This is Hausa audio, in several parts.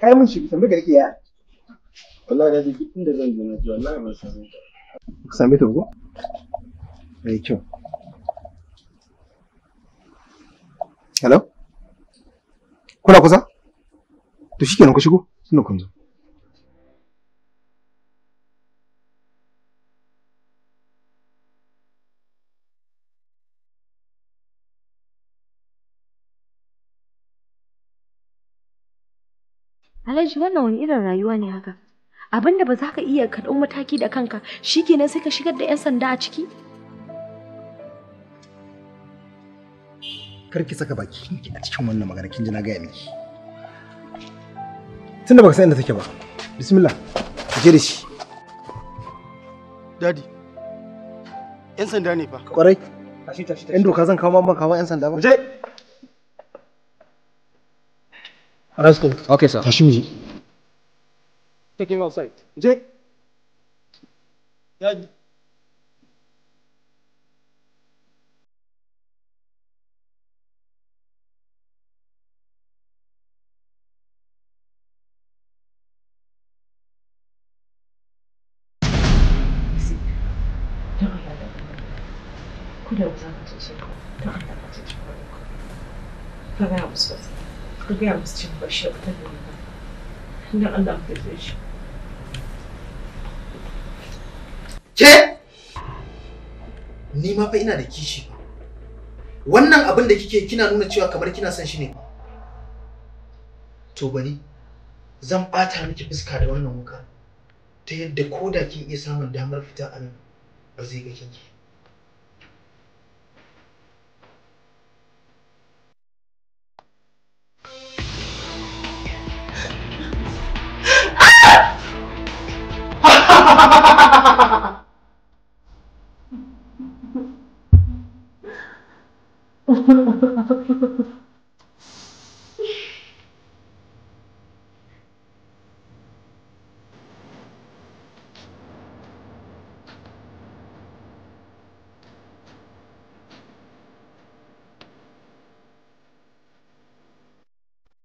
kai mun shi ka ya wallahi da duk inda zan je na ji wallahi ban ta ko kyau hello kuna kusa to shikenan ku shigo sunan kun zo Alhaji wannan wani irin rayuwa ne haka? Abin da ba za ka iya ka mataki da kanka shi sai ka shigar da 'yan sanda a ciki? Kar ki saka baki a cikin wannan magana kin ji na gaya miki. Tunda baka san inda take ba. Bismillah. Ka je da shi. Dadi. 'Yan sanda ne fa. Kwarai. Tashi tashi tashi. Yan doka zan kawo mamman kawo 'yan sanda ba. Je. Let's go. Okay, sir. Tashimji. Take him outside. Jake. Yeah. gaya musu ni don ke ni ma fa ina da kishi ba wannan abin da kike kina nuna cewa kamar kina son shi ne to bari zan bata miki fuska da wannan wuka ta yadda ko da kin iya samun damar fita a nan ba zai ga kinki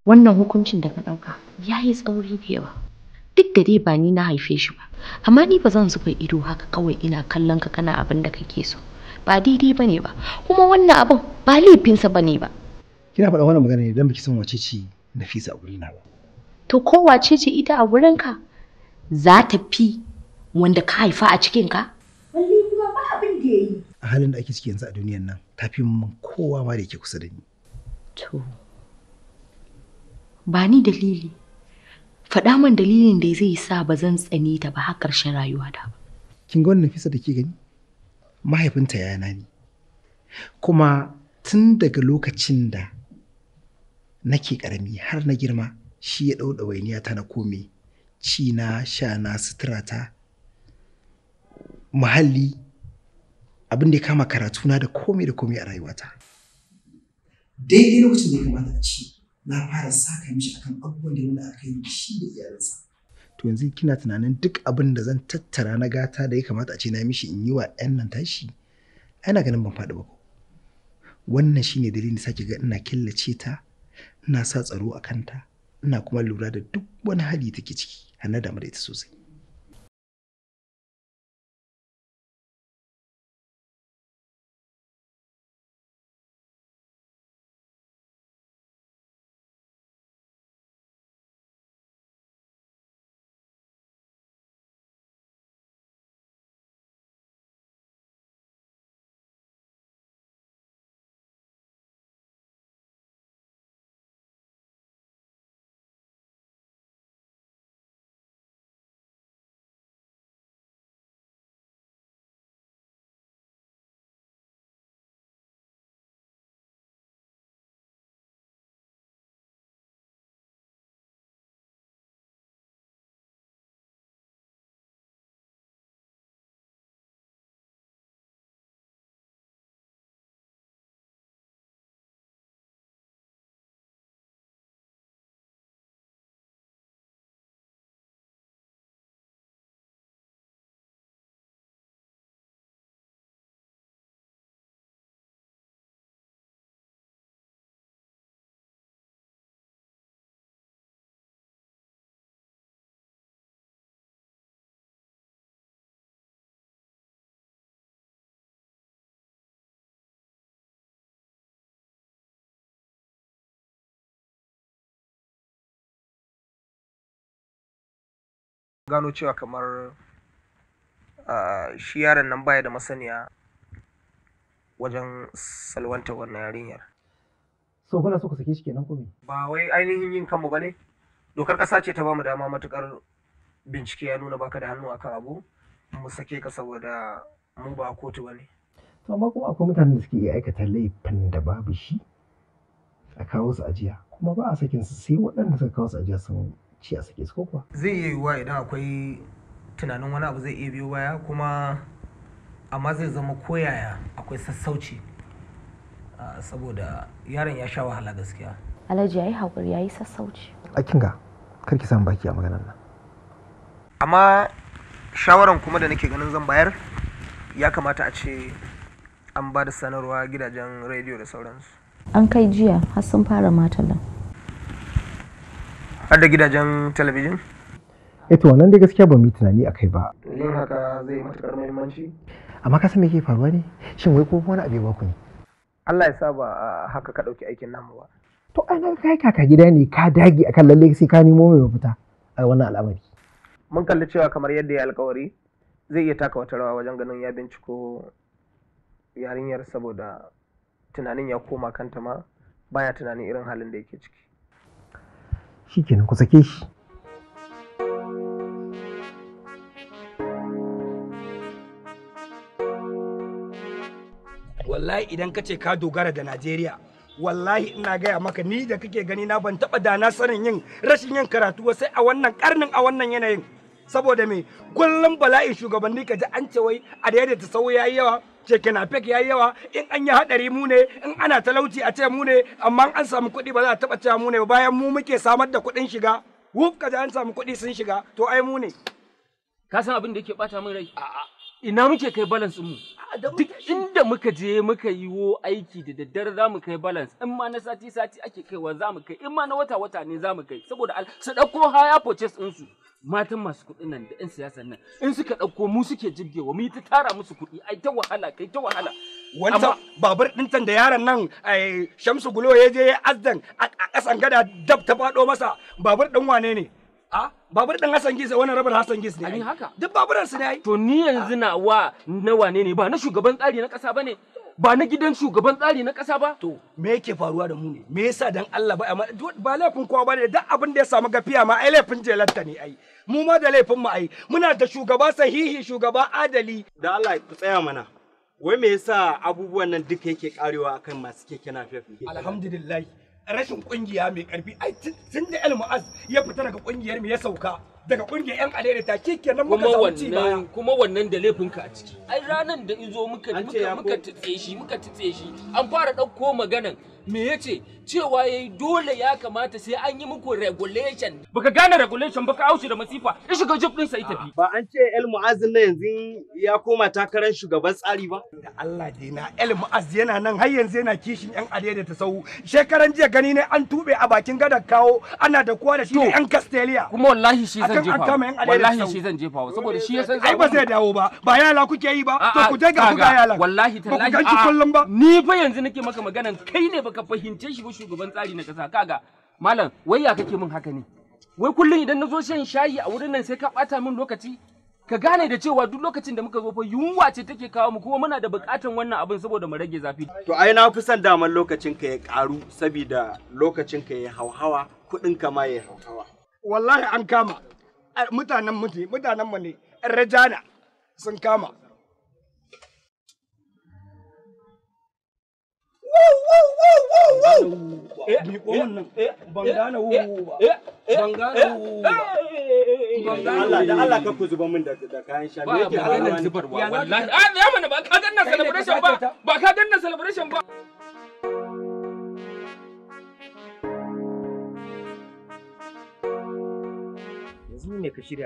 wannan hukuncin da ka ɗauka ya yi tsauri da yawa duk da dai ba ni na haife shi ba amma ni ba zan zuba ido haka kawai ina kallon ka kana abin da kake so ba daidai ba ne ba kuma wannan abin ba laifinsa ba ne ba kina faɗa wannan magana ne don baki san wace ce nafisa a gurin ba to ko wace ce ita a gurinka za ta fi wanda ka haifa a cikinka Wallahi kuma ba abin da ya a halin da ake ciki yanzu a duniyar nan ta fi min kowa ma da yake kusa da ni to ba ni dalili faɗa min dalilin da zai sa ba zan tsani ta ba har ƙarshen rayuwa ta ba kin ga wannan nafisa da ke gani mahaifinta yana ne kuma tun daga lokacin da nake ƙarami har na girma shi ya ɗau ɗawainiya ta na komi ci na sha na sutura ta muhalli abin da ya kama karatuna da komai da komai a rayuwata daidai lokacin da ya kamata a ci na fara saka mishi akan abubuwan da wani aka yi shi da iyalansa to yanzu kina tunanin duk abin da zan tattara na gata da ya kamata a ce na mishi in yi wa 'yan nan tashi ana ganin ban faɗi ba ko wannan shine dalilin sake ga ina killace ta ina sa tsaro a kanta ina kuma lura da duk wani hali take ciki hannu da da ita sosai gano cewa kamar shi yaron nan baya da masaniya wajen salwanta wannan yarinyar. So kuna so ku sake shi kenan kuma? Ba wai ainihin yin kanmu ba ne? Dokar ƙasa ce ta bamu dama matuƙar bincike ya nuna baka da hannu akan abu mu sake ka saboda mu ba kotu ba ne. To amma kuma akwai mutanen da suke iya aikata laifin da babu shi a kawo su ajiya kuma ba a sakin su sai waɗanda suka kawo su ajiya sun ci a sake su kuwa zai iya yiwuwa idan akwai tunanin wani abu zai iya biyo baya kuma amma zai zama koyaya akwai sassauci ah, saboda yaron ya sha wahala gaskiya alhaji ya yi haƙuri ya yi sassauci a kinga kar ki samu baki a maganar nan amma shawaran kuma da nake ganin zan bayar ya kamata a ce an ba da sanarwa gidajen rediyo da sauransu an kai jiya har sun fara matalan har da gidajen talabijin eto eh wannan dai gaskiya ba mu yi tunani a kai ba yin haka zai matuƙar muhimmanci amma ka san me ke faruwa ne shin wai ko wani abu ya baku? ne Allah ya sa ba haka ka ɗauki aikin namu ba to ai na kai kaka gida ne ka dage akan lalle sai ka nemo mai mafita a wannan al'amari mun kalli cewa kamar yadda ya alƙawari zai iya taka wata rawa wajen ganin ya binciko yarinyar saboda tunanin ya koma kanta ma baya tunanin irin halin da yake ciki shi kenan ku sake shi wallahi idan ka ce ka dogara da najeriya wallahi ina gaya maka ni da kake gani na ban taba dana sanin yin rashin yin karatu sai a wannan karnin a wannan yanayin saboda me kullum bala'in shugabanni ka ji an ce wai a da ta sauya yawa ce kenan fake yayi yawa in an yi hadari mu ne in ana talauci a ce mu ne amma an samu kuɗi ba za a taba cewa mu ne bayan mu muke samar da kuɗin shiga wuf kaje an samu kuɗi sun shiga to ai mu ne ka san abin da yake bata min rai a'a ina muke kai balance mu duk inda muka je muka yi wo aiki da daddare za mu kai balance in ma na sati sati ake kaiwa za mu kai in ma na wata wata ne za mu kai saboda su dauko haya purchase su matan masu kuɗin nan da 'yan siyasan nan in suka dauko mu suke jibgewa mu yi ta tara musu kuɗi ai ta wahala kai ta wahala wanda babur ɗintan da yaron nan shamsu gulo ya je ya azdan a ƙasan gada dab ta fado masa babur din wane ne babur ɗan Hassan Gis wannan rabar Hassan Gis ne. Abin haka. Duk baburan su ne ai. To ni yanzu na wa na wane ne ba na shugaban tsari na kasa bane. Ba na gidan shugaban tsari na kasa ba. To me yake faruwa da mu ne? Me yasa dan Allah ba ba laifin kowa bane duk abin da ya samu gafiya ma ai laifin jelatta ne ai. Mu ma da laifin mu ai. Muna da shugaba sahihi shugaba adali. Da Allah ku tsaya mana. Wai me yasa abubuwan nan duka yake karewa akan masu keke na Alhamdulillah. rashin kungiya mai karfi ai tun da almuaz ya fita daga kungiyar mu ya sauka daga kungiyar yan alele ta ke kenan muka samu ci kuma wannan da laifinka a ciki ai ranan da izo muka muka muka tutse shi muka tutse shi an fara dauko maganan me yace cewa yayi dole ya kamata sai an yi muku regulation baka gane regulation baka aushi da masifa ya shiga jib din sai bi. ba an ce el mu'azzin na yanzu ya koma takarar shugaban tsari ba da Allah dai na el mu'azz yana nan har yanzu yana kishin yan arewa da tasawu shekaran jiya gani ne an tube a bakin gadar kawo ana da kowa da shi ne yan castelia kuma wallahi shi zan jefa wallahi shi zan jefa saboda shi ya san ai ba zai dawo ba ba yala kuke yi ba to ku je ga ku ga yala wallahi tallahi ba ku ganci kullum ba ni fa yanzu nake maka maganan kai ne baka ka fahimce shi ba shugaban tsari na kasa kaga malam wai ya kake min haka ne wai kullum idan na zo shan shayi a wurin nan sai ka bata min lokaci ka gane da cewa duk lokacin da muka zo fa yunwa ce take kawo mu kuma muna da bukatan wannan abin saboda mu rage zafi to ai na fi son daman lokacin ka ya karu saboda lokacin ka ya hauhawa kudin ka ma ya hauhawa wallahi an kama mutanen mutane mutanen mu ne rajana sun kama Ban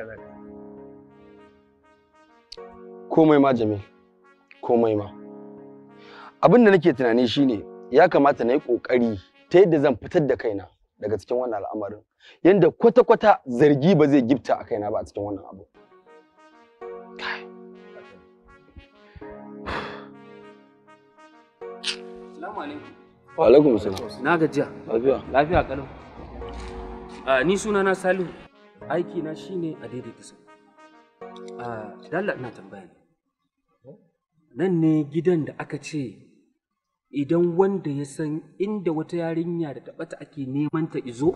ba. ba Komai ma Jamil. Komai ma. abin da nake tunani shine ya kamata na yi ƙoƙari ta yadda zan fitar da kaina daga cikin wannan al'amarin yadda kwata-kwata zargi ba zai gifta a kaina ba a cikin wannan abu Wa alaikum salam. Na gajiya. Lafiya. Lafiya kalau. ni suna na Salihu. Aiki na shine a daidaita sau. Ah, dalla ina tambaya ne. Nan ne gidan da aka ce idan wanda ya san inda wata yarinya da taɓata ake neman ta izo?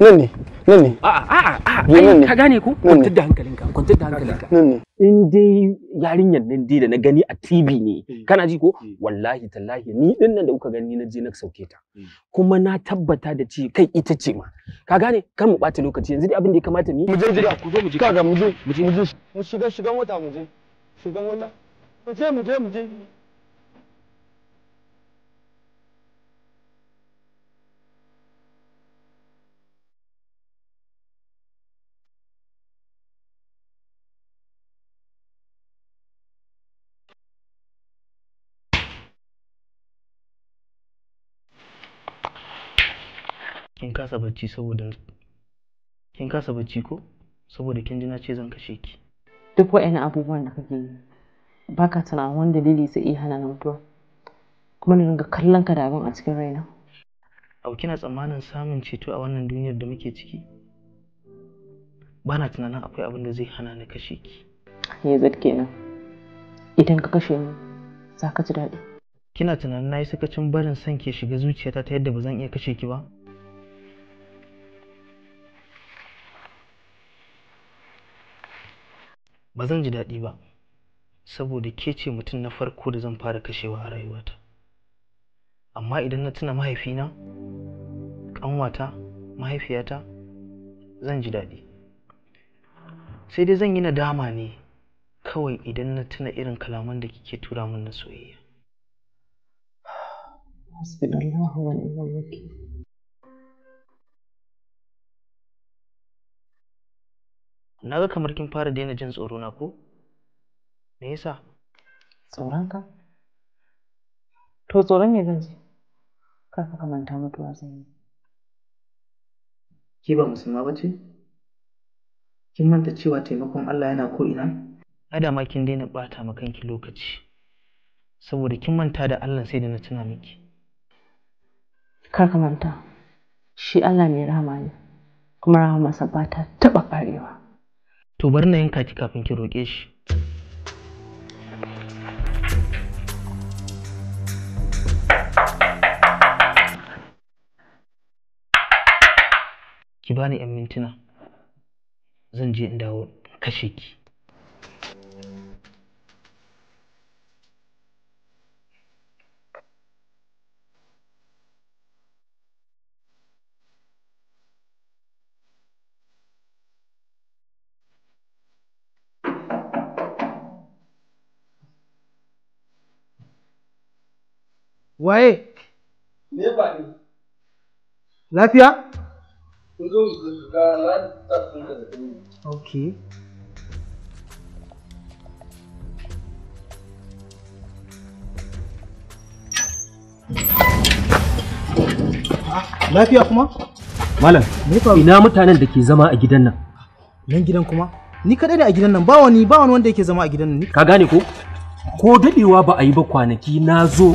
Nan ne, nan ne. A'a, a'a, a'a, ka gane ko? Kwantar da hankalinka, kwantar da hankalinka. Nan ne. In dai yarinyar nan dai da na gani a TV ne, hmm. kana ji ko? Hmm. Wallahi tallahi ni din nan da kuka gani na je na sauke ta. Hmm. Kuma na tabbata da ce kai ita ce ma. Ka gane? Kan mu ɓata lokaci yanzu dai abin da ya kamata mu Mu je gida, ku zo mu je. Kaga mu je, mu je. Mu shiga shiga mota mu je. Shiga mota. Mu je, mu je, mu je. kasa bacci saboda kin kasa bacci ko saboda kin ji na ce zan kashe ki duk wa'in abubuwan da kake yi ba ka tunanin wani dalili zai iya hana mutuwa kuma na dinga kallon ka da abin a cikin raina au kina tsammanin samun ceto a wannan duniyar da muke ciki ba na tunanin akwai abin da zai hana ni kashe ki zai kenan idan ka kashe ni za ka ji daɗi kina tunanin na yi sakacin barin son ke shiga zuciyata ta yadda ba zan iya kashe ki ba ba zan ji daɗi ba saboda ke ce mutum na farko da zan fara kashewa a rayuwata amma idan na tuna mahaifina ƙanwata mahaifiyata zan ji daɗi sai dai zan yi nadama ne kawai idan na tuna irin kalaman da kike tura min na soyayya wani na ga kamar kin fara daina jin tsoro na ko me yasa tsoron ka to tsoron me zan ji kar ka manta mutuwa zan yi ki ba musulma ba ce kin manta cewa taimakon Allah yana ko ina ada ma kin daina bata ma kanki lokaci saboda kin manta da Allah sai da na tuna miki kar ka manta shi Allah mai rahama ne kuma rahamarsa ba ta taɓa ƙarewa to bari na yanka ki kafin ki roƙe shi ki bani 'yan mintuna zan je in dawo kashe ki waye me ba ni lafiya kun zo ga lantarkin da okay Lafiya kuma? Malam, ina mutanen da ke zama a gidan nan? Nan gidan kuma? Ni kadai ne a gidan nan, ba wani ba wani wanda yake zama a gidan nan. Ka gane ko? Ko dadewa ba a yi ba kwanaki na zo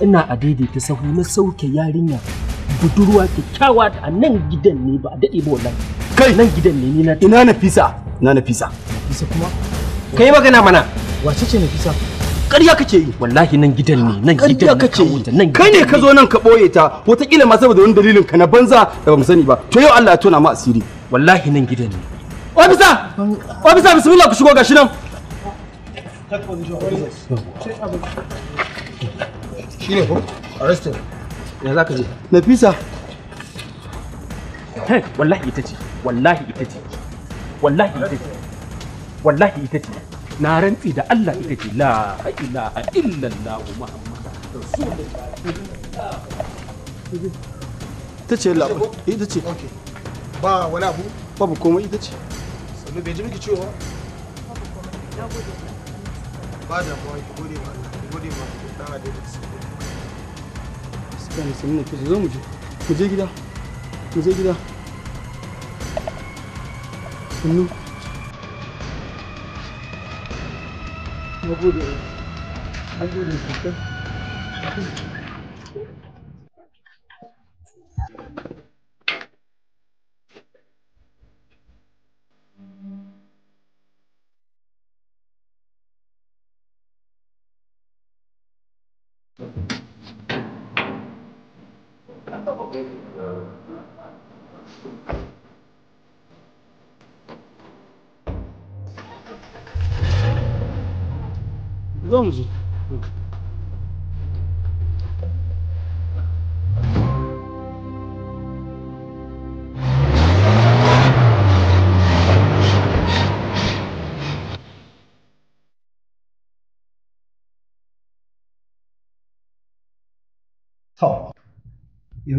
ina a daidaita sahu na sauke yarinya budurwa kyakkyawa a nan gidan ne ba a daɗe ba wallahi kai nan gidan ne ni na ina nafisa ina nafisa nafisa kuma kai magana mana wace ce nafisa ƙarya kake yi wallahi nan gidan ne nan gidan kake yi nan kai ne ka zo nan ka boye ta kila ma saboda wani dalilin ka na banza da mu sani ba to yau Allah ya tona mu asiri wallahi nan gidan ne ofisa ofisa bismillah ku shigo gashi nan shi ne ko arrestin ya za ka je nafisa hey wallahi ita ce wallahi ita ce wallahi ita ce wallahi ita ce na rantsi da Allah ita ce la ilaha illallah muhammadu ita ce labar ita ce ba wani abu babu komai ita ce sannu bai ji miki ciwo ba da ba ki gode ba ki gode ba ki gode ba mutane su nuna kusa zo mu je mu je gida mu je gida sannu na gode an gode sosai zo yanzu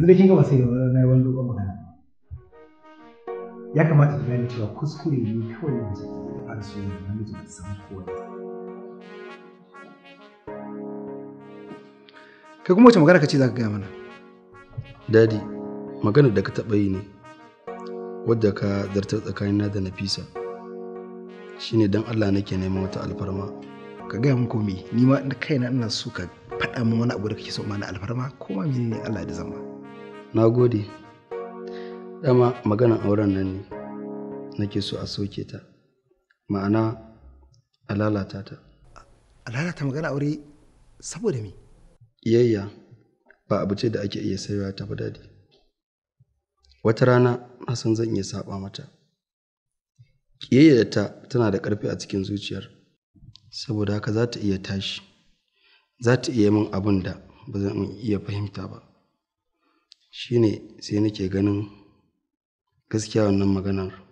da kin ba sai na wani dogon magana ya kamata ki gane cewa kuskure ne kawai da ke fara soyayya namiji da san kowane kai kuma wace magana ka ce za ka gaya mana dadi magana da ka taɓa yi ne wadda ka zartar tsakanina da nafisa shine don allah nake neman wata alfarma ka gaya min komi ni ma kaina ina so ka faɗa min wani abu da kake so ma na alfarma ko ma menene allah da zama na gode dama magana auren nan ne nake so a soke ta ma'ana a lalata ta a lalata magana aure saboda me ƙiyayya ba abu ce da ake iya saiwa ta daɗi wata rana na zan iya saɓa mata ta tana da ƙarfi a cikin zuciyar saboda haka za ta iya tashi za ta iya min abin da ba zan iya fahimta ba shine sai nake ganin gaskiya wannan maganar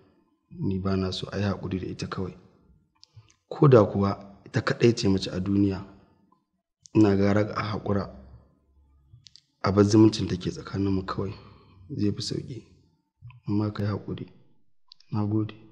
ni ba na so a yi haƙuri da ita kawai ko da kuwa ita kaɗai ce mace a duniya ina gara a haƙura a bar zumuncin da ke tsakaninmu kawai zai fi sauƙi amma ka yi haƙuri na gode